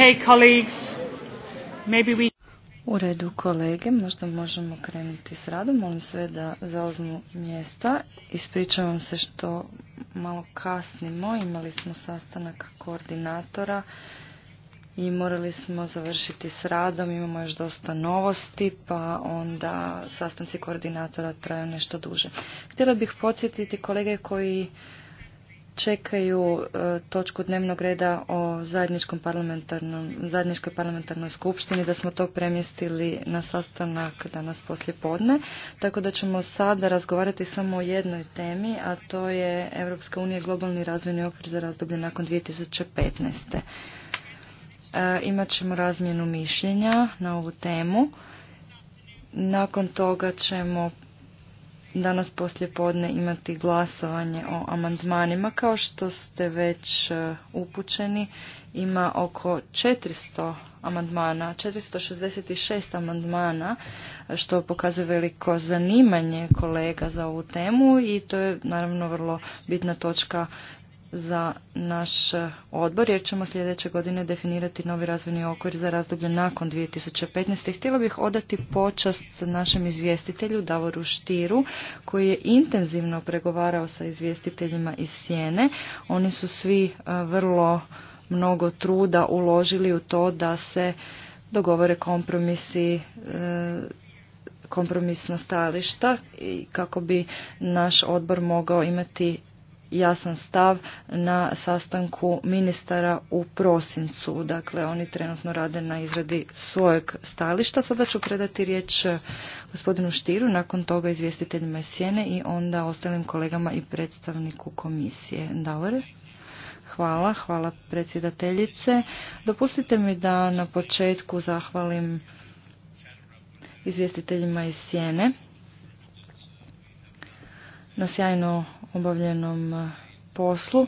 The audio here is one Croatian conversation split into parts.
Hey colleagues, maybe U redu kolege, možda možemo krenuti s radom. Molim sve da zauzmu mjesta. Ispričavam se što malo kasnimo. Imali smo sastanak koordinatora i morali smo završiti s radom. Imamo još dosta novosti, pa onda sastanci koordinatora traju nešto duže. Htjela bih podsjetiti kolege koji čekaju e, točku dnevnog reda o zajedničkom parlamentarnom, zajedničkoj parlamentarnoj skupštini, da smo to premjestili na sastanak danas poslije podne. Tako da ćemo sada razgovarati samo o jednoj temi, a to je Europska unija globalni razvojni okvir za razdoblje nakon 2015. E, imat ćemo razmjenu mišljenja na ovu temu. Nakon toga ćemo danas poslje podne imati glasovanje o amandmanima. Kao što ste već e, upućeni, ima oko 400 amandmana, 466 amandmana, što pokazuje veliko zanimanje kolega za ovu temu i to je naravno vrlo bitna točka za naš odbor jer ćemo sljedeće godine definirati novi razvojni okvir za razdoblje nakon 2015. Htjela bih odati počast našem izvjestitelju Davoru Štiru koji je intenzivno pregovarao sa izvjestiteljima iz Sjene. Oni su svi vrlo mnogo truda uložili u to da se dogovore kompromisi e, kompromisna stajališta i kako bi naš odbor mogao imati jasan stav na sastanku ministara u prosincu. Dakle, oni trenutno rade na izradi svojeg stališta. Sada ću predati riječ e, gospodinu Štiru, nakon toga izvjestiteljima Sjene i onda ostalim kolegama i predstavniku komisije. Davore? Hvala, hvala predsjedateljice. Dopustite mi da na početku zahvalim izvjestiteljima iz Sjene na sjajno obavljenom e, poslu.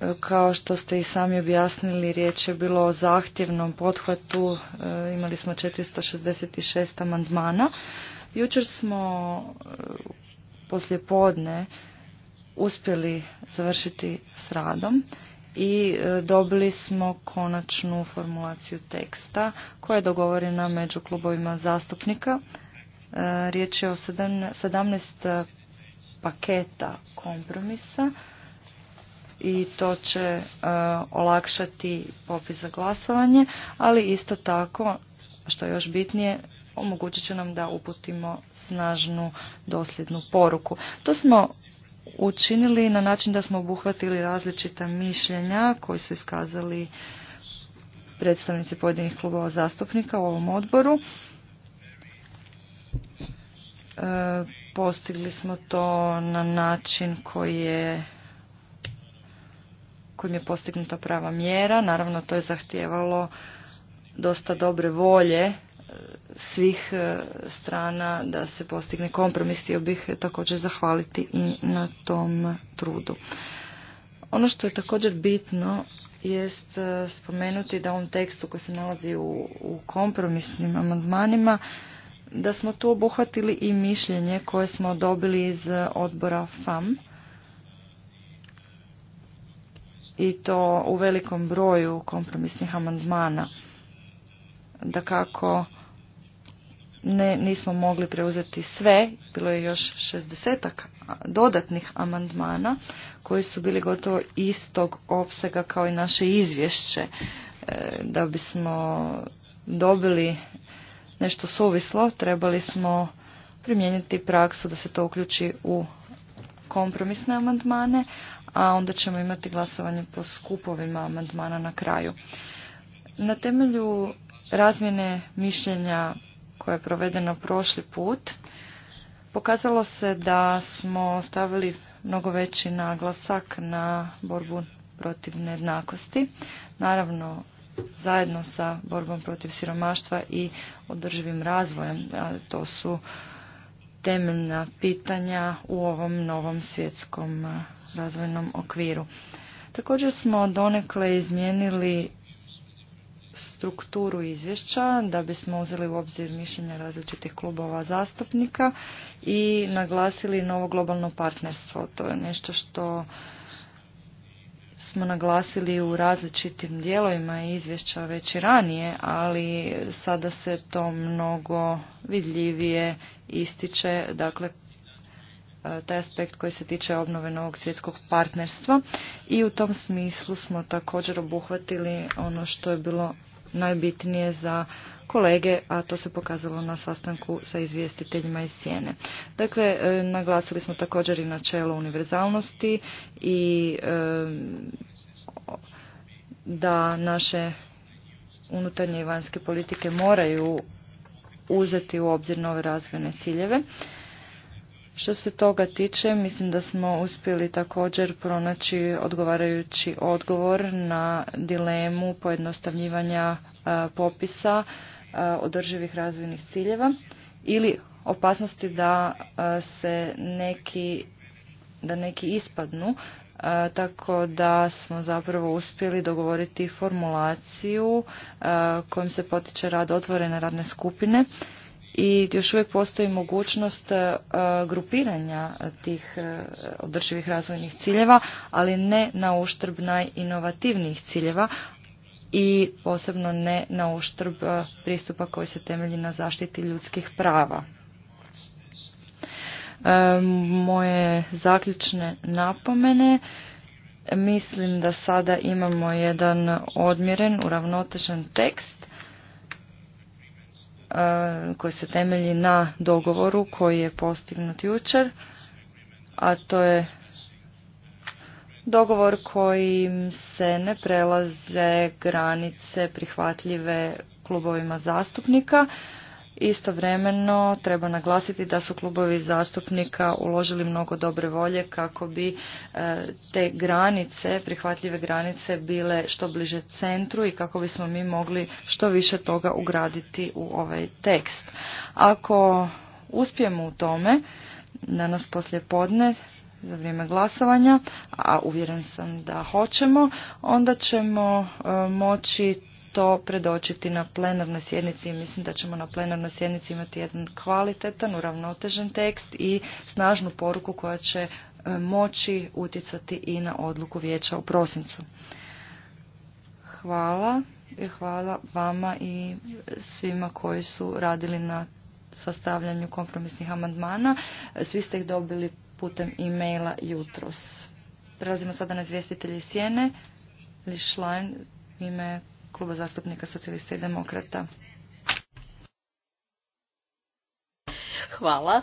E, kao što ste i sami objasnili, riječ je bilo o zahtjevnom pothvatu, e, imali smo 466 amandmana. Jučer smo poslije podne uspjeli završiti s radom i dobili smo konačnu formulaciju teksta koja je dogovorena među klubovima zastupnika. Riječ je o 17 paketa kompromisa i to će e, olakšati popis za glasovanje, ali isto tako, što je još bitnije, omogućit će nam da uputimo snažnu dosljednu poruku. To smo učinili na način da smo obuhvatili različita mišljenja koji su iskazali predstavnici pojedinih klubova zastupnika u ovom odboru. E, postigli smo to na način koji je kojim je postignuta prava mjera. Naravno, to je zahtijevalo dosta dobre volje e, svih e, strana da se postigne kompromis. Htio bih također zahvaliti i na tom trudu. Ono što je također bitno jest e, spomenuti da u ovom tekstu koji se nalazi u, u kompromisnim amandmanima da smo tu obuhvatili i mišljenje koje smo dobili iz odbora FAM i to u velikom broju kompromisnih amandmana. Da kako ne, nismo mogli preuzeti sve, bilo je još šestdesetak dodatnih amandmana koji su bili gotovo istog opsega kao i naše izvješće e, da bismo dobili nešto suvislo, trebali smo primijeniti praksu da se to uključi u kompromisne amandmane, a onda ćemo imati glasovanje po skupovima amandmana na kraju. Na temelju razmjene mišljenja koje je provedeno prošli put, pokazalo se da smo stavili mnogo veći naglasak na borbu protiv nejednakosti. Naravno, zajedno sa borbom protiv siromaštva i održivim razvojem. To su temeljna pitanja u ovom novom svjetskom razvojnom okviru. Također smo donekle izmijenili strukturu izvješća da bismo uzeli u obzir mišljenja različitih klubova zastupnika i naglasili novo globalno partnerstvo. To je nešto što smo naglasili u različitim dijelovima izvješća već i ranije, ali sada se to mnogo vidljivije ističe, dakle taj aspekt koji se tiče obnove novog svjetskog partnerstva i u tom smislu smo također obuhvatili ono što je bilo najbitnije za kolege, a to se pokazalo na sastanku sa izvjestiteljima iz Sjene. Dakle, e, naglasili smo također i načelo univerzalnosti i e, da naše unutarnje i vanjske politike moraju uzeti u obzir nove razvojne ciljeve. Što se toga tiče, mislim da smo uspjeli također pronaći odgovarajući odgovor na dilemu pojednostavljivanja e, popisa E, održivih razvojnih ciljeva ili opasnosti da e, se neki da neki ispadnu e, tako da smo zapravo uspjeli dogovoriti formulaciju kojom se potiče rad otvorene radne skupine i još uvijek postoji mogućnost grupiranja tih održivih razvojnih ciljeva, ali ne na uštrb najinovativnijih ciljeva, i posebno ne na uštrb e, pristupa koji se temelji na zaštiti ljudskih prava. E, moje zaključne napomene mislim da sada imamo jedan odmjeren, uravnotežen tekst e, koji se temelji na dogovoru koji je postignut jučer, a to je dogovor kojim se ne prelaze granice prihvatljive klubovima zastupnika. Istovremeno treba naglasiti da su klubovi zastupnika uložili mnogo dobre volje kako bi e, te granice, prihvatljive granice bile što bliže centru i kako bismo mi mogli što više toga ugraditi u ovaj tekst. Ako uspijemo u tome, danas poslije podne za vrijeme glasovanja, a uvjeren sam da hoćemo, onda ćemo e, moći to predočiti na plenarnoj sjednici i mislim da ćemo na plenarnoj sjednici imati jedan kvalitetan, uravnotežen tekst i snažnu poruku koja će e, moći utjecati i na odluku vijeća u prosincu. Hvala i hvala vama i svima koji su radili na sastavljanju kompromisnih amandmana. Svi ste ih dobili putem e-maila jutros. Prelazimo sada na izvjestitelji Sjene, u ime Kluba zastupnika socijalista i demokrata. Hvala.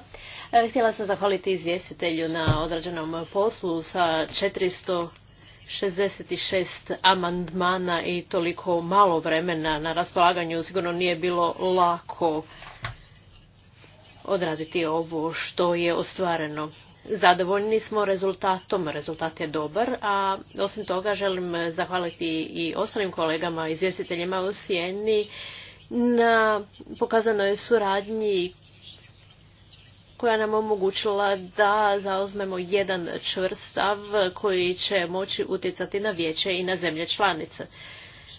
E, htjela sam zahvaliti izvjestitelju na odrađenom poslu sa 466 amandmana i toliko malo vremena na raspolaganju. Sigurno nije bilo lako odraditi ovo što je ostvareno. Zadovoljni smo rezultatom, rezultat je dobar, a osim toga želim zahvaliti i ostalim kolegama, izvjestiteljima u sjeni na pokazanoj suradnji koja nam omogućila da zauzmemo jedan čvrst stav koji će moći utjecati na vijeće i na zemlje članice.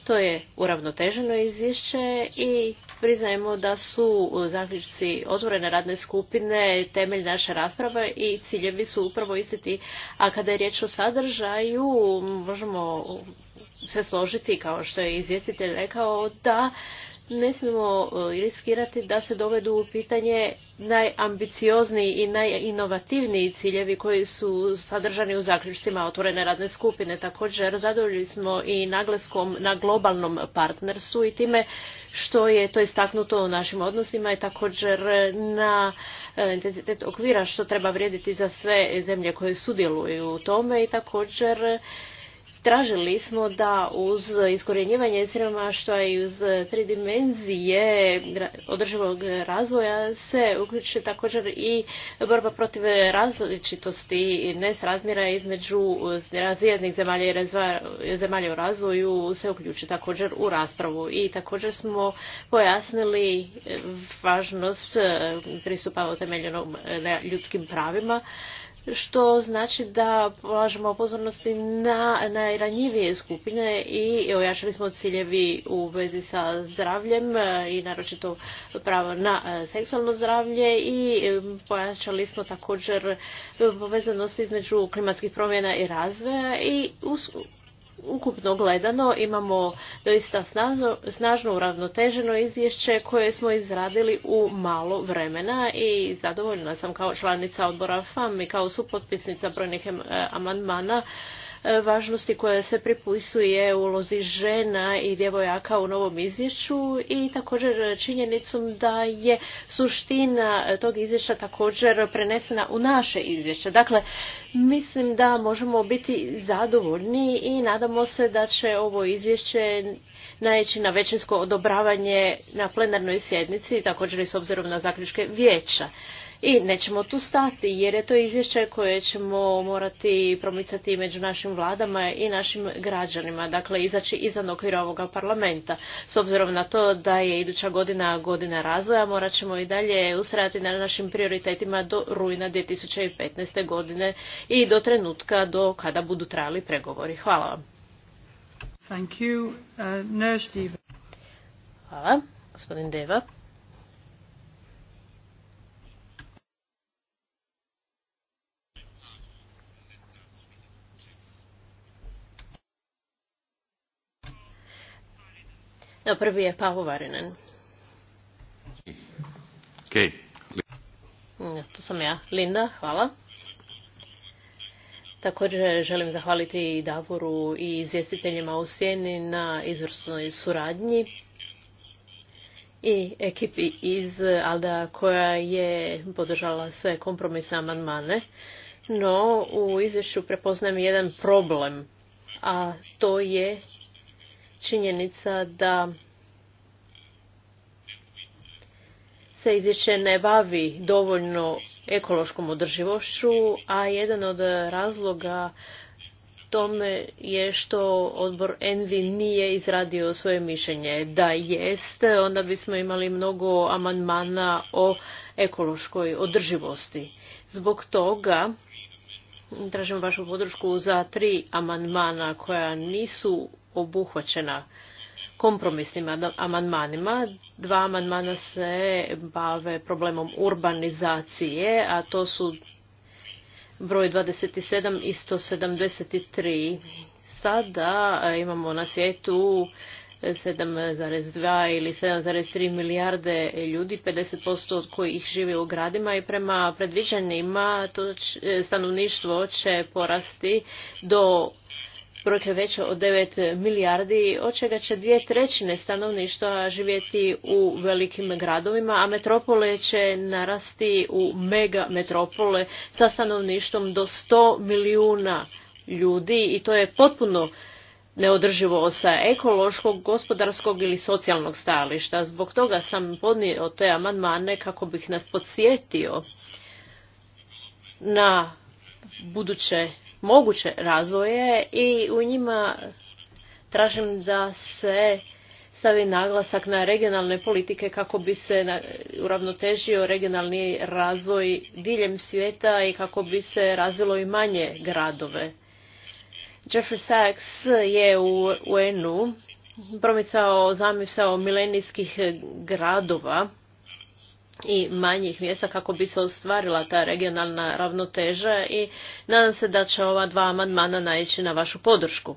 To je uravnoteženo izvješće i priznajemo da su zaključci otvorene radne skupine temelj naše rasprave i ciljevi su upravo isti. A kada je riječ o sadržaju, možemo se složiti, kao što je izvjestitelj rekao, da ne smijemo e, riskirati da se dovedu u pitanje najambiciozniji i najinovativniji ciljevi koji su sadržani u zaključcima otvorene radne skupine. Također zadovoljili smo i naglaskom na globalnom partnerstvu i time što je to istaknuto u našim odnosima i također na e, intenzitet okvira što treba vrijediti za sve zemlje koje sudjeluju u tome i također Tražili smo da uz iskorjenjivanje siromaštva i uz tri dimenzije održivog razvoja se uključi također i borba protiv različitosti i nesrazmjera između razvijednih zemalja i zemalja u razvoju se uključi također u raspravu. I također smo pojasnili važnost pristupa utemeljenom ljudskim pravima što znači da polažemo pozornosti na najranjivije skupine i ojačali smo ciljevi u vezi sa zdravljem i naročito pravo na e, seksualno zdravlje i e, pojačali smo također povezanost između klimatskih promjena i razvoja i ukupno gledano imamo doista snažno, uravnoteženo izvješće koje smo izradili u malo vremena i zadovoljna sam kao članica odbora FAM i kao supotpisnica brojnih eh, amandmana E, važnosti koja se pripisuje ulozi žena i djevojaka u novom izvješću i također činjenicom da je suština tog izvješća također prenesena u naše izvješće. Dakle, mislim da možemo biti zadovoljni i nadamo se da će ovo izvješće naići na većinsko odobravanje na plenarnoj sjednici, također i s obzirom na zaključke vijeća. I nećemo tu stati jer je to izvješće koje ćemo morati promicati među našim vladama i našim građanima, dakle izaći izvan okvira ovoga parlamenta. S obzirom na to da je iduća godina godina razvoja, morat ćemo i dalje usrati na našim prioritetima do rujna 2015. godine i do trenutka do kada budu trajali pregovori. Hvala vam. Thank you. Uh, Hvala, gospodin Deva. Prvi je Pavo Varinen. Ja, tu sam ja, Linda, hvala. Također želim zahvaliti i Davoru i izvjestiteljima u Sjeni na izvrsnoj suradnji i ekipi iz Alda koja je podržala sve kompromisne amandmane. No, u izvješću prepoznajem jedan problem, a to je činjenica da se izvješće ne bavi dovoljno ekološkom održivošću, a jedan od razloga tome je što odbor Envi nije izradio svoje mišljenje. Da jeste, onda bismo imali mnogo amandmana o ekološkoj održivosti. Zbog toga tražim vašu podršku za tri amandmana koja nisu obuhvaćena kompromisnim amandmanima. Dva amandmana se bave problemom urbanizacije, a to su broj 27 i 173. Sada e, imamo na svijetu 7,2 ili 7,3 milijarde ljudi, 50% od kojih živi u gradima i prema predviđanjima to e, stanovništvo će porasti do brojke veće od 9 milijardi, od čega će dvije trećine stanovništva živjeti u velikim gradovima, a metropole će narasti u mega metropole sa stanovništvom do 100 milijuna ljudi i to je potpuno neodrživo sa ekološkog, gospodarskog ili socijalnog stajališta. Zbog toga sam podnio te amandmane kako bih nas podsjetio na buduće moguće razvoje i u njima tražim da se stavi naglasak na regionalne politike kako bi se uravnotežio regionalni razvoj diljem svijeta i kako bi se razvilo i manje gradove. Jeffrey Sachs je u UN-u promicao zamisao milenijskih gradova i manjih mjesta kako bi se ostvarila ta regionalna ravnoteža i nadam se da će ova dva amandmana naići na vašu podršku.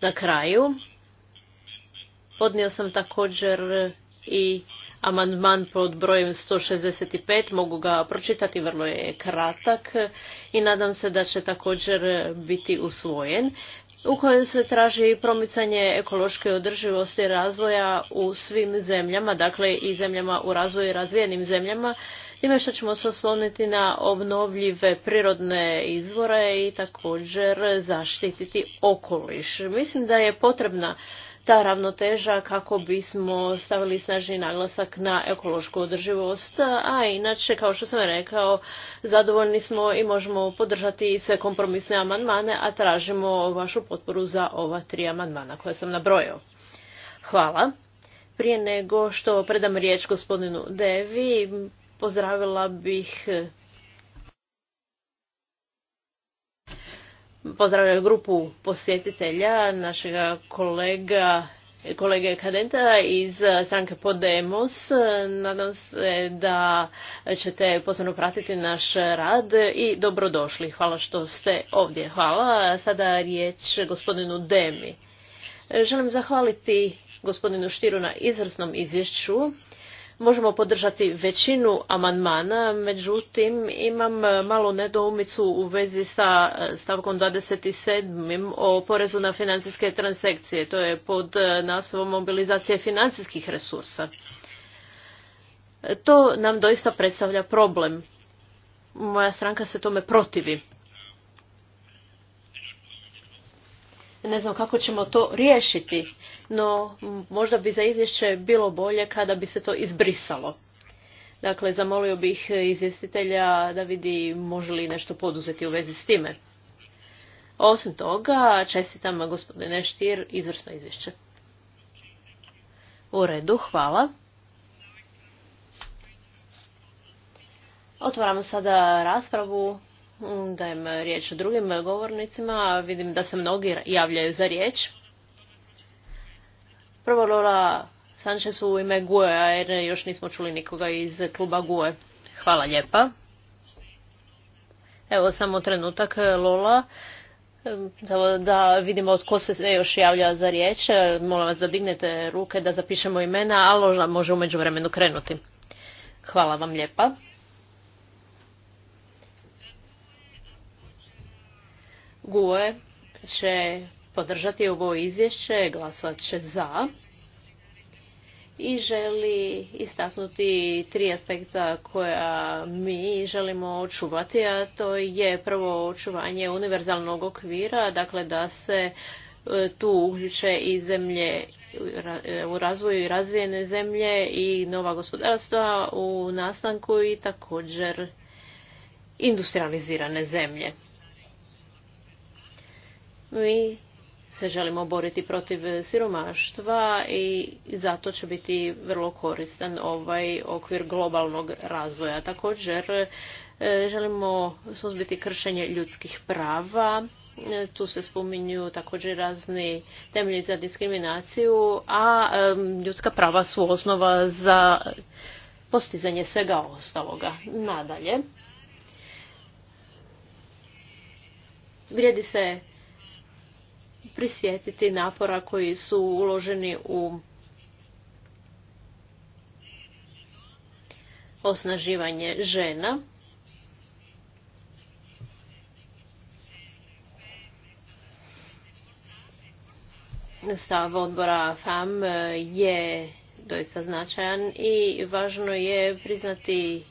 Na kraju podnio sam također i amandman pod brojem 165, mogu ga pročitati, vrlo je kratak i nadam se da će također biti usvojen u kojem se traži promicanje ekološke održivosti razvoja u svim zemljama, dakle i zemljama u razvoju i razvijenim zemljama, time što ćemo se osloniti na obnovljive prirodne izvore i također zaštititi okoliš. Mislim da je potrebna ta ravnoteža kako bismo stavili snažni naglasak na ekološku održivost, a inače, kao što sam rekao, zadovoljni smo i možemo podržati sve kompromisne amandmane, a tražimo vašu potporu za ova tri amandmana koje sam nabrojao. Hvala. Prije nego što predam riječ gospodinu Devi, pozdravila bih pozdravljam grupu posjetitelja, našega kolega kolege Kadenta iz stranke Podemos. Nadam se da ćete posebno pratiti naš rad i dobrodošli. Hvala što ste ovdje. Hvala. Sada riječ gospodinu Demi. Želim zahvaliti gospodinu Štiru na izvrsnom izvješću možemo podržati većinu amandmana, međutim imam e, malu nedoumicu u vezi sa e, stavkom 27. o porezu na financijske transakcije. To je pod e, naslovom mobilizacije financijskih resursa. To nam doista predstavlja problem. Moja stranka se tome protivi. ne znam kako ćemo to riješiti, no možda bi za izvješće bilo bolje kada bi se to izbrisalo. Dakle, zamolio bih izvjestitelja da vidi može li nešto poduzeti u vezi s time. Osim toga, čestitam gospodine Štir, izvrsno izvješće. U redu, hvala. Otvaramo sada raspravu. Dajem riječ drugim govornicima. Vidim da se mnogi javljaju za riječ. Prvo Lola Sanchez u ime GUE, a jer još nismo čuli nikoga iz kluba GUE. Hvala lijepa. Evo samo trenutak Lola. da vidimo od ko se još javlja za riječ. Molim vas da dignete ruke, da zapišemo imena, a Lola može umeđu vremenu krenuti. Hvala vam lijepa. GUE će podržati ovo izvješće, glasovat će za i želi istaknuti tri aspekta koja mi želimo očuvati, a to je prvo očuvanje univerzalnog okvira, dakle da se e, tu uključe i zemlje e, u razvoju i razvijene zemlje i nova gospodarstva u nastanku i također industrializirane zemlje. Mi se želimo boriti protiv siromaštva i zato će biti vrlo koristan ovaj okvir globalnog razvoja. Također e, želimo suzbiti kršenje ljudskih prava. E, tu se spominju također razni temelji za diskriminaciju, a e, ljudska prava su osnova za postizanje svega ostaloga. Nadalje, vrijedi se prisjetiti napora koji su uloženi u osnaživanje žena. Stav odbora FAM je doista značajan i važno je priznati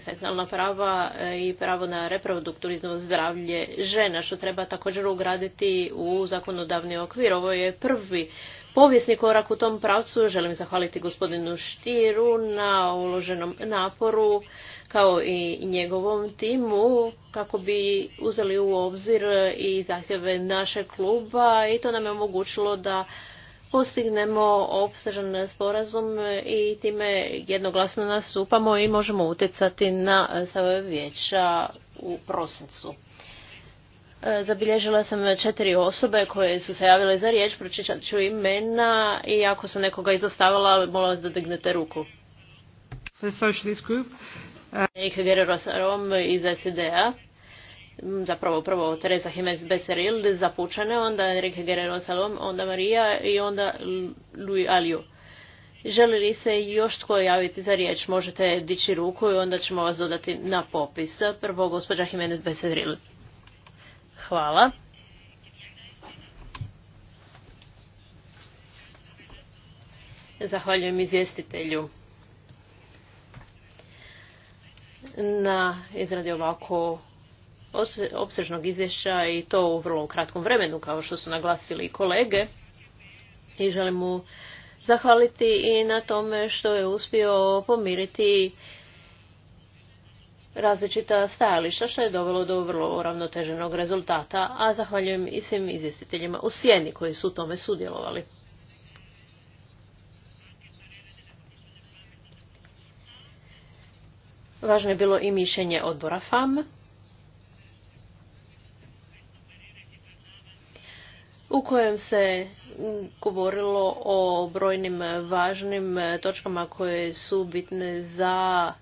seksualna prava e, i pravo na reproduktivno zdravlje žena, što treba također ugraditi u zakonodavni okvir. Ovo je prvi povijesni korak u tom pravcu. Želim zahvaliti gospodinu Štiru na uloženom naporu kao i njegovom timu kako bi uzeli u obzir i zahtjeve našeg kluba i to nam je omogućilo da postignemo opsežan sporazum i time jednoglasno nastupamo i možemo utjecati na savoje vijeća u prosincu. E, zabilježila sam četiri osobe koje su se javile za riječ, pročitat ću imena i ako sam nekoga izostavila, molim vas da dignete ruku. Socialist group. Uh, iz SED-a zapravo prvo Teresa Jimenez Becerril za onda Enrique Guerrero Salom, onda Marija i onda Louis Aliu. Želi li se još tko javiti za riječ? Možete dići ruku i onda ćemo vas dodati na popis. Prvo, gospođa Jimenez Becerril. Hvala. Zahvaljujem izvjestitelju na izradi ovako opsežnog izvješća i to u vrlo kratkom vremenu, kao što su naglasili i kolege. I želim mu zahvaliti i na tome što je uspio pomiriti različita stajališta, što je dovelo do vrlo ravnoteženog rezultata, a zahvaljujem i svim izvjestiteljima u Sjeni koji su u tome sudjelovali. Važno je bilo i mišljenje odbora FAM. u kojem se govorilo o brojnim važnim e, točkama koje su bitne za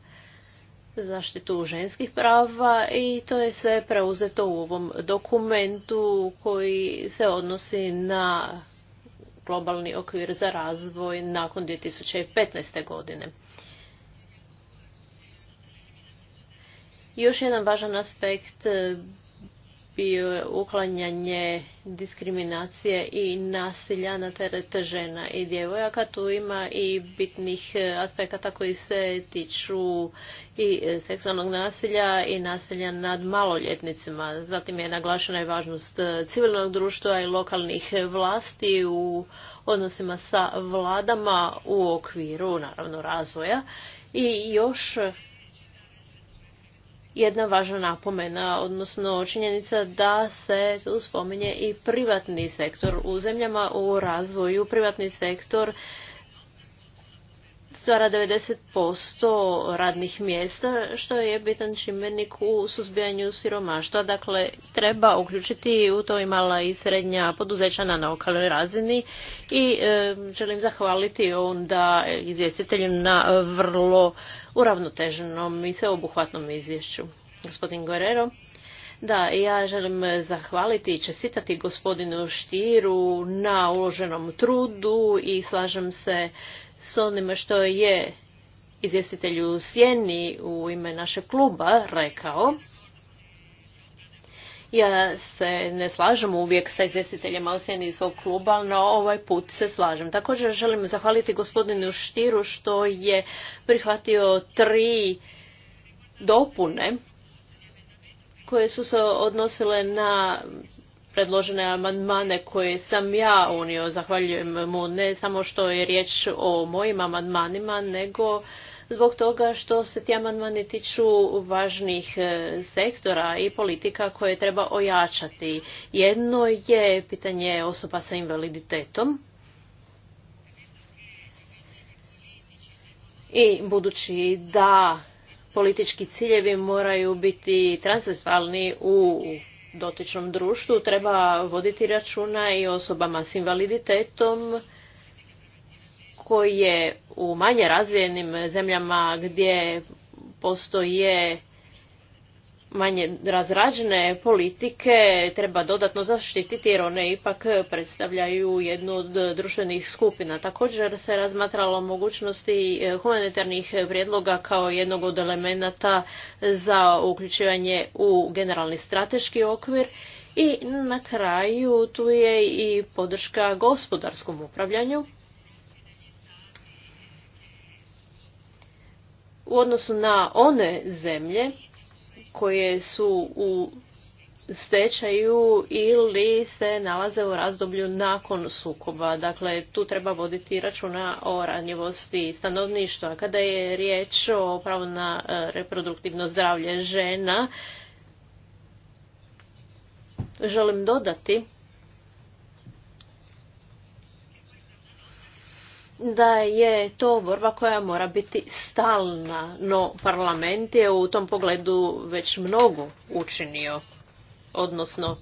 zaštitu ženskih prava i to je sve preuzeto u ovom dokumentu koji se odnosi na globalni okvir za razvoj nakon 2015. godine. Još jedan važan aspekt bio e, uklanjanje diskriminacije i nasilja na teret žena i djevojaka. Tu ima i bitnih e, aspekata koji se tiču i e, seksualnog nasilja i nasilja nad maloljetnicima. Zatim je naglašena i važnost civilnog društva i lokalnih vlasti u odnosima sa vladama u okviru naravno razvoja. I još jedna važna napomena, odnosno činjenica da se tu spominje i privatni sektor. U zemljama u razvoju privatni sektor stvara 90% radnih mjesta, što je bitan čimbenik u suzbijanju siromaštva. Dakle, treba uključiti u to i mala i srednja poduzeća na naokalnoj razini i e, želim zahvaliti onda izvjestitelju na vrlo uravnoteženom i sveobuhvatnom izvješću. Gospodin Gorero. Da, ja želim zahvaliti i čestitati gospodinu Štiru na uloženom trudu i slažem se s onima što je izvjestitelju Sjeni u ime našeg kluba rekao. Ja se ne slažem uvijek sa izvjestiteljima u Sjeni svog kluba, no ovaj put se slažem. Također želim zahvaliti gospodinu Štiru što je prihvatio tri dopune koje su se odnosile na predložene amandmane koje sam ja unio. Zahvaljujem mu ne samo što je riječ o mojim amandmanima, nego zbog toga što se ti amandmani tiču važnih e, sektora i politika koje treba ojačati. Jedno je pitanje osoba sa invaliditetom. I budući da politički ciljevi moraju biti transversalni u dotičnom društvu treba voditi računa i osobama s invaliditetom koje u manje razvijenim zemljama gdje postoje manje razrađene politike treba dodatno zaštititi jer one ipak predstavljaju jednu od društvenih skupina. Također se razmatralo mogućnosti e, humanitarnih prijedloga kao jednog od elemenata za uključivanje u generalni strateški okvir i na kraju tu je i podrška gospodarskom upravljanju. U odnosu na one zemlje koje su u stečaju ili se nalaze u razdoblju nakon sukoba. Dakle, tu treba voditi računa o ranjivosti stanovništva. Kada je riječ o pravu na e, reproduktivno zdravlje žena, želim dodati da je to borba koja mora biti stalna, no parlament je u tom pogledu već mnogo učinio, odnosno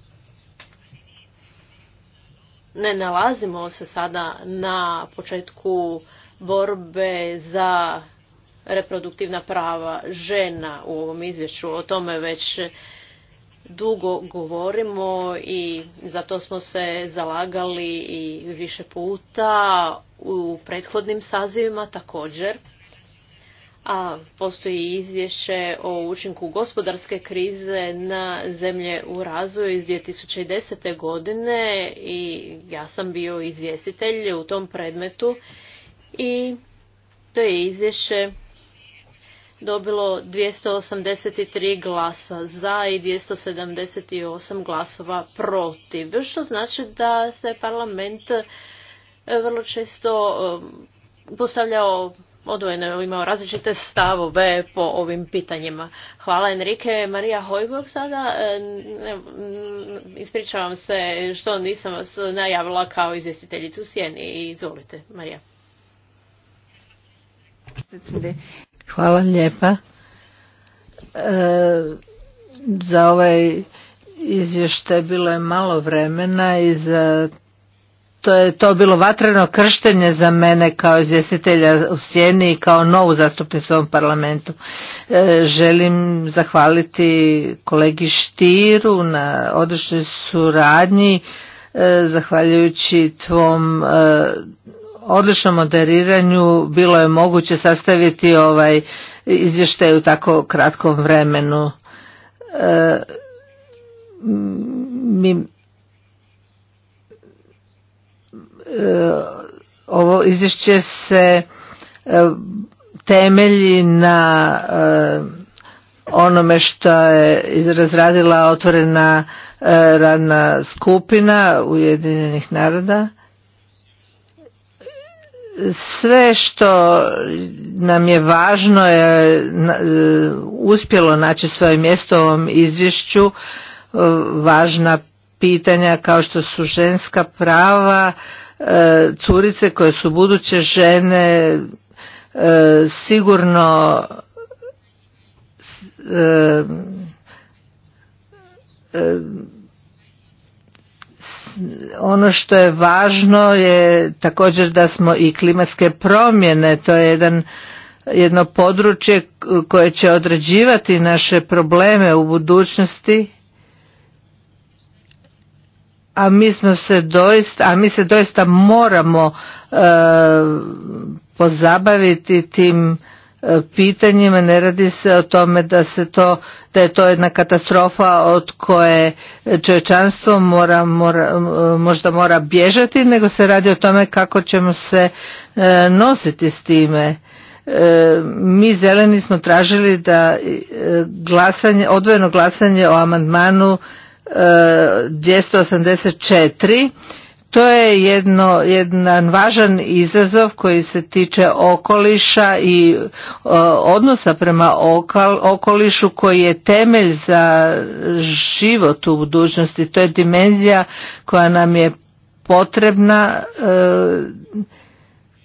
ne nalazimo se sada na početku borbe za reproduktivna prava žena u ovom izvješću. O tome već dugo govorimo i zato smo se zalagali i više puta u prethodnim sazivima također. A postoji izvješće o učinku gospodarske krize na zemlje u razvoju iz 2010. godine i ja sam bio izvjestitelj u tom predmetu i to je izvješće dobilo 283 glasa za i 278 glasova protiv, što znači da se parlament E, vrlo često e, postavljao odvojeno imao različite stavove po ovim pitanjima. Hvala Enrique. Marija Hojborg sada. E, ispričavam se što nisam vas najavila kao izvjestiteljicu Sjeni. Izvolite, Marija. Hvala lijepa za ovaj izvještaj bilo je malo vremena i za to je to bilo vatreno krštenje za mene kao izvjestitelja u Sjeni i kao novu zastupnicu u ovom parlamentu. E, želim zahvaliti kolegi Štiru na odličnoj suradnji, e, zahvaljujući tvom e, odličnom moderiranju bilo je moguće sastaviti ovaj izvještaj u tako kratkom vremenu. Mi E, ovo izvješće se e, temelji na e, onome što je razradila otvorena radna skupina Ujedinjenih naroda. Sve što nam je važno je uspjelo naći svoje mjesto u ovom izvješću, važna pitanja kao što su ženska prava, E, curice koje su buduće žene e, sigurno e, ono što je važno je također da smo i klimatske promjene to je jedan jedno područje koje će određivati naše probleme u budućnosti a mi smo se doista, a mi se doista moramo e, pozabaviti tim e, pitanjima, ne radi se o tome da se to, da je to jedna katastrofa od koje čovječanstvo mora, mora, možda mora bježati, nego se radi o tome kako ćemo se e, nositi s time. mi zeleni smo tražili da glasanje, odvojeno glasanje o amandmanu 284 to je jedno, jedan važan izazov koji se tiče okoliša i e, odnosa prema okolišu koji je temelj za život u budućnosti. To je dimenzija koja nam je potrebna e,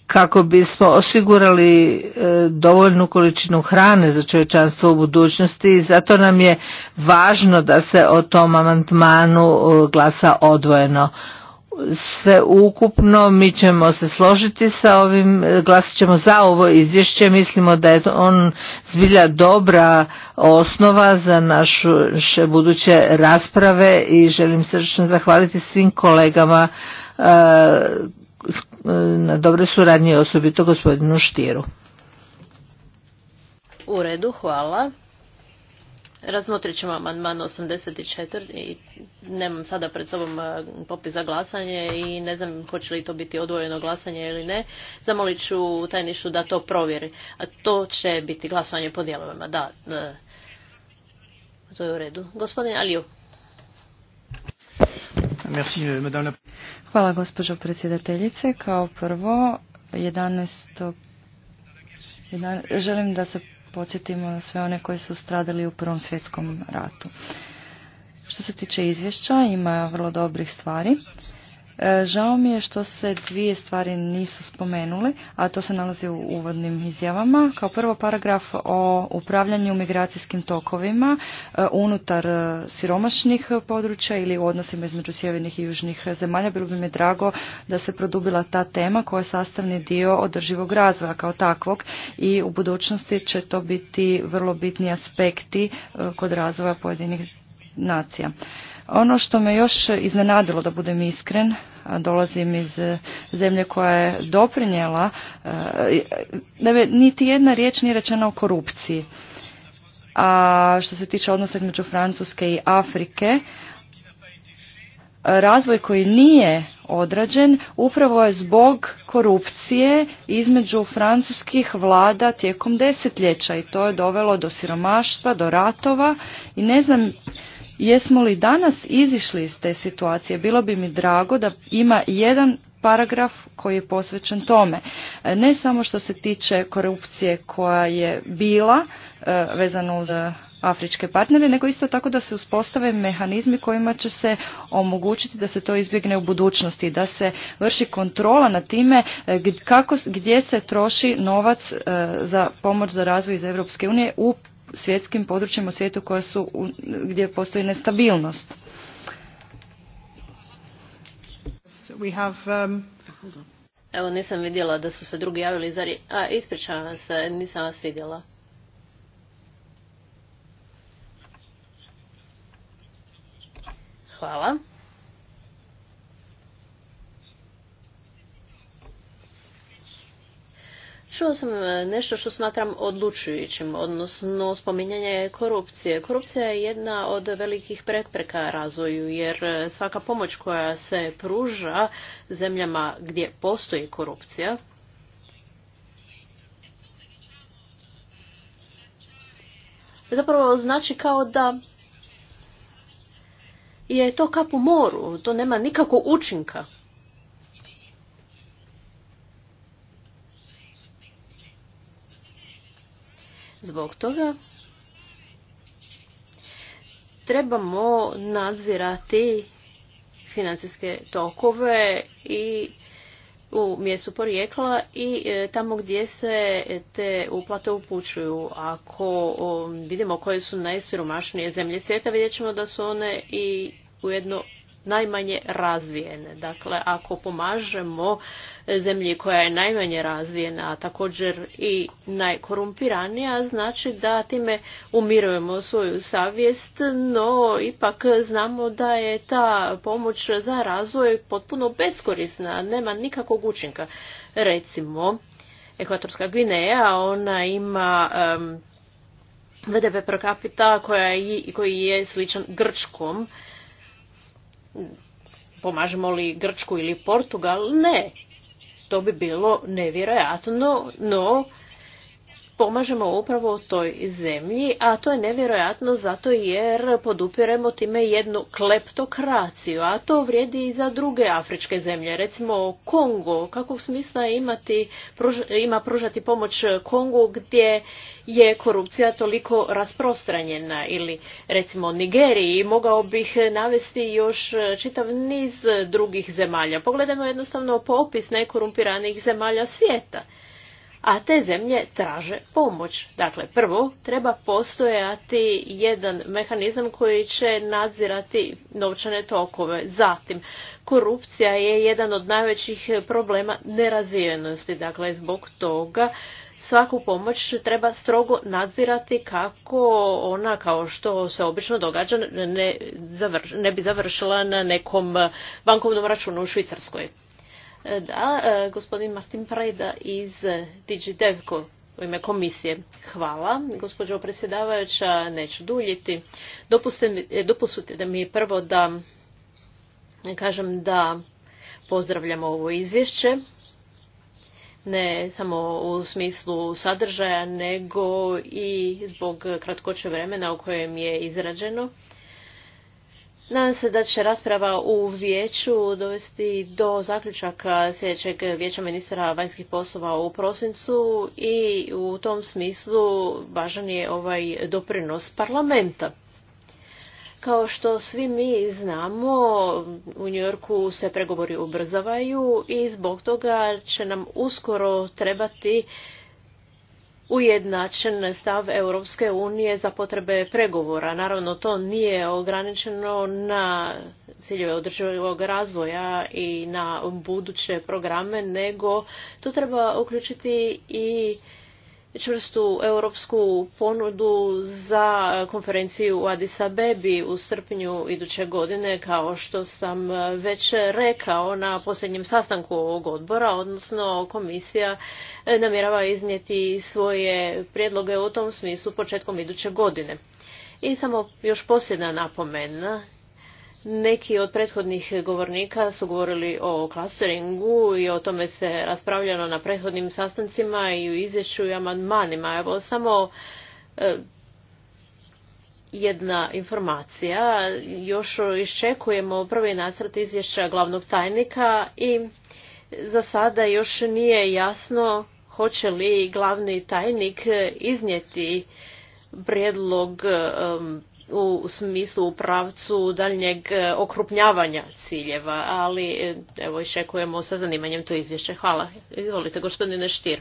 kako bismo osigurali e, dovoljnu količinu hrane za čovječanstvo u budućnosti i zato nam je važno da se o tom amandmanu e, glasa odvojeno. Sve ukupno mi ćemo se složiti sa ovim, e, glasat ćemo za ovo izvješće, mislimo da je on zbilja dobra osnova za naše buduće rasprave i želim srčno zahvaliti svim kolegama na dobre suradnje osobito gospodinu Štiru. U redu, hvala. Razmotrit ćemo amandman 84 i nemam sada pred sobom e, popis za glasanje i ne znam hoće li to biti odvojeno glasanje ili ne. Zamolit ću tajništu da to provjeri. A to će biti glasanje po dijelovima, da. E, to je u redu. Gospodin Aliju. Hvala gospođo predsjedateljice. Kao prvo, 11. želim da se podsjetimo na sve one koji su stradali u Prvom svjetskom ratu. Što se tiče izvješća, ima vrlo dobrih stvari. E, žao mi je što se dvije stvari nisu spomenuli, a to se nalazi u uvodnim izjavama. Kao prvo paragraf o upravljanju migracijskim tokovima e, unutar e, siromašnih područja ili u odnosima između sjevernih i južnih zemalja. Bilo bi mi drago da se produbila ta tema koja je sastavni dio održivog razvoja kao takvog i u budućnosti će to biti vrlo bitni aspekti kod razvoja pojedinih nacija. Ono što me još iznenadilo, da budem iskren, dolazim iz e, zemlje koja je doprinjela, e, da me niti jedna riječ nije rečena o korupciji. A što se tiče odnosa između Francuske i Afrike, razvoj koji nije odrađen upravo je zbog korupcije između francuskih vlada tijekom desetljeća i to je dovelo do siromaštva, do ratova i ne znam Jesmo li danas izišli iz te situacije? Bilo bi mi drago da ima jedan paragraf koji je posvećen tome. E, ne samo što se tiče korupcije koja je bila e, vezano uz afričke partnere, nego isto tako da se uspostave mehanizmi kojima će se omogućiti da se to izbjegne u budućnosti, da se vrši kontrola na time e, kako, gdje se troši novac za pomoć za razvoj iz Europske unije u svjetskim područjima u svijetu koja su, gdje postoji nestabilnost. Um, Evo nisam vidjela da su se drugi javili za A, ispričavam se, nisam vas vidjela. Hvala. Čuo sam e, nešto što smatram odlučujućim, odnosno spominjanje korupcije. Korupcija je jedna od velikih prepreka razvoju, jer e, svaka pomoć koja se pruža zemljama gdje postoji korupcija, zapravo znači kao da je to kap u moru, to nema nikakvog učinka. Zbog toga trebamo nadzirati financijske tokove i u mjestu porijekla i e, tamo gdje se te uplate upućuju. Ako vidimo koje su najsiromašnije zemlje svijeta, vidjet ćemo da su one i ujedno najmanje razvijene. Dakle, ako pomažemo zemlji koja je najmanje razvijena, a također i najkorumpiranija, znači da time umirujemo svoju savjest, no ipak znamo da je ta pomoć za razvoj potpuno beskorisna, nema nikakvog učinka. Recimo, Ekvatorska Gvineja, ona ima um, VDP capita koja je, koji je sličan Grčkom, pomažemo li Grčku ili Portugal, ne. To bi bilo nevjerojatno, no pomažemo upravo toj zemlji, a to je nevjerojatno zato jer podupiremo time jednu kleptokraciju, a to vrijedi i za druge afričke zemlje. Recimo Kongo, kakvog smisla imati, ima pružati pomoć Kongu gdje je korupcija toliko rasprostranjena ili recimo Nigeriji mogao bih navesti još čitav niz drugih zemalja. Pogledajmo jednostavno popis najkorumpiranijih zemalja svijeta a te zemlje traže pomoć. Dakle, prvo treba postojati jedan mehanizam koji će nadzirati novčane tokove. Zatim, korupcija je jedan od najvećih problema nerazvijenosti. Dakle, zbog toga svaku pomoć treba strogo nadzirati kako ona, kao što se obično događa, ne, bi završila na nekom bankovnom računu u Švicarskoj. E, da, e, gospodin Martin Prejda iz e, DigiDevco u ime komisije. Hvala. Gospođo predsjedavajuća, neću duljiti. Dopustite mi prvo da kažem da pozdravljam ovo izvješće. Ne samo u smislu sadržaja, nego i zbog kratkoće vremena u kojem je izrađeno. Nadam se da će rasprava u vijeću dovesti do zaključaka sljedećeg vijeća ministra vanjskih poslova u prosincu i u tom smislu važan je ovaj doprinos parlamenta. Kao što svi mi znamo, u Njorku se pregovori ubrzavaju i zbog toga će nam uskoro trebati ujednačen stav Europske unije za potrebe pregovora. Naravno, to nije ograničeno na ciljeve održivog razvoja i na buduće programe, nego tu treba uključiti i čvrstu europsku ponudu za konferenciju u Addis Abebi u srpnju iduće godine, kao što sam već rekao na posljednjem sastanku ovog odbora, odnosno komisija namjerava iznijeti svoje prijedloge u tom smislu početkom iduće godine. I samo još posljedna napomena, neki od prethodnih govornika su govorili o klasteringu i o tome se raspravljalo na prethodnim sastancima i u izvješću i amandmanima. Evo samo e, jedna informacija. Još iščekujemo prvi nacrt izvješća glavnog tajnika i za sada još nije jasno hoće li glavni tajnik iznijeti prijedlog e, u smislu u pravcu daljnjeg e, okrupnjavanja ciljeva, ali e, evo iščekujemo sa zanimanjem to izvješće. Hvala. Izvolite, gospodine Štir.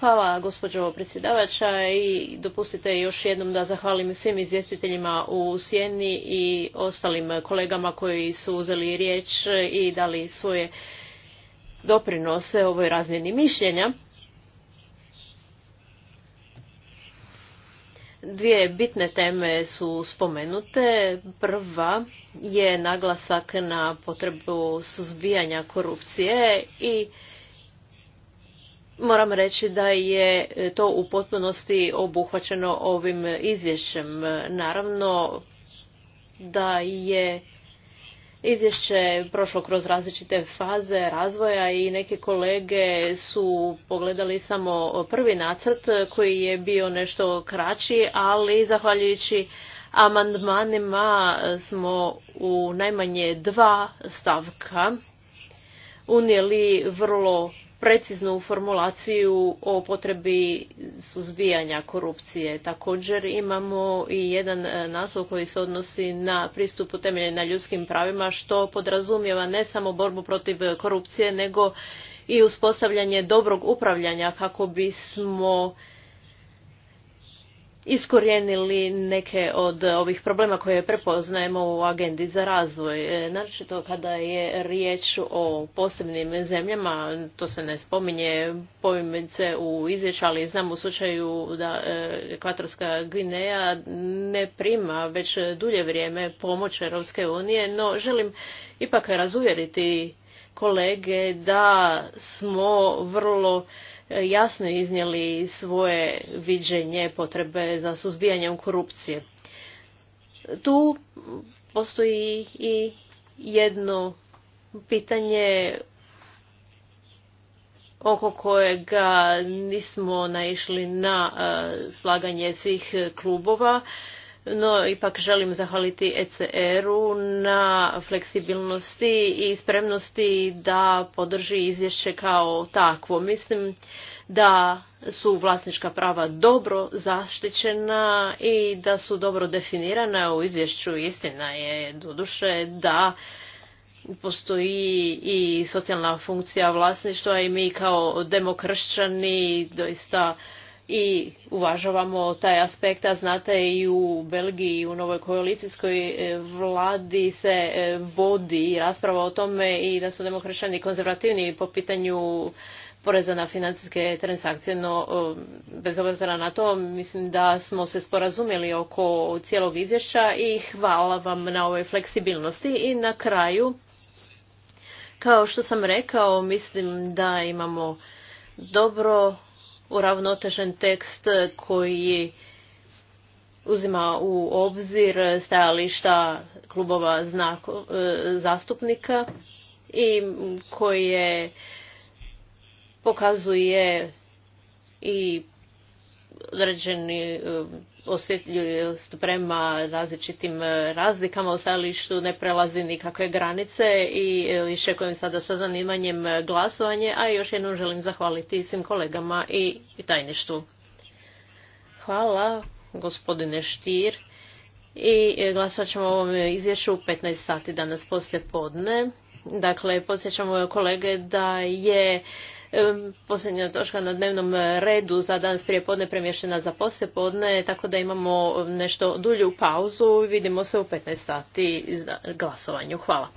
Hvala gospođo predsjedavača i dopustite još jednom da zahvalim svim izvjestiteljima u Sjeni i ostalim kolegama koji su uzeli riječ i dali svoje doprinose ovoj razmjeni mišljenja. Dvije bitne teme su spomenute. Prva je naglasak na potrebu suzbijanja korupcije i moram reći da je to u potpunosti obuhvaćeno ovim izvješćem. Naravno da je Izvješće prošlo kroz različite faze razvoja i neke kolege su pogledali samo prvi nacrt koji je bio nešto kraći, ali zahvaljujući amandmanima smo u najmanje dva stavka unijeli vrlo preciznu formulaciju o potrebi suzbijanja korupcije. Također imamo i jedan e, naslov koji se odnosi na pristup utemeljen na ljudskim pravima što podrazumijeva ne samo borbu protiv korupcije nego i uspostavljanje dobrog upravljanja kako bismo iskorijenili neke od ovih problema koje prepoznajemo u agendi za razvoj. E, naročito kada je riječ o posebnim zemljama, to se ne spominje pojmice u izvješću, ali znam u slučaju da e, Ekvatorska Gvineja ne prima već dulje vrijeme pomoć Europske unije, no želim ipak razuvjeriti kolege da smo vrlo E, jasno iznijeli svoje viđenje potrebe za suzbijanjem korupcije. Tu postoji i jedno pitanje oko kojega nismo naišli na e, slaganje svih klubova no ipak želim zahvaliti ECR-u na fleksibilnosti i spremnosti da podrži izvješće kao takvo. Mislim da su vlasnička prava dobro zaštićena i da su dobro definirana u izvješću. Istina je doduše da postoji i socijalna funkcija vlasništva i mi kao demokršćani doista i uvažavamo taj aspekt, a znate i u Belgiji i u novoj koalicijskoj e, vladi se e, vodi rasprava o tome i da su demokršćani konzervativni po pitanju poreza na financijske transakcije, no e, bez obzira na to mislim da smo se sporazumjeli oko cijelog izvješća i hvala vam na ovoj fleksibilnosti i na kraju kao što sam rekao mislim da imamo dobro uravnotežen tekst koji uzima u obzir stajališta klubova e, zastupnika i koje pokazuje i određeni e, osjetljivost prema različitim e, razlikama u stajalištu ne prelazi nikakve granice i e, iščekujem sada sa zanimanjem e, glasovanje, a još jednom želim zahvaliti svim kolegama i tajništvu. Hvala gospodine Štir i glasovat ćemo ovom izvješću u 15 sati danas poslje podne. Dakle, posjećamo kolege da je Posljednja točka na dnevnom redu za danas prije podne premještena za poslije podne, tako da imamo nešto dulju pauzu. Vidimo se u 15 sati glasovanju. Hvala.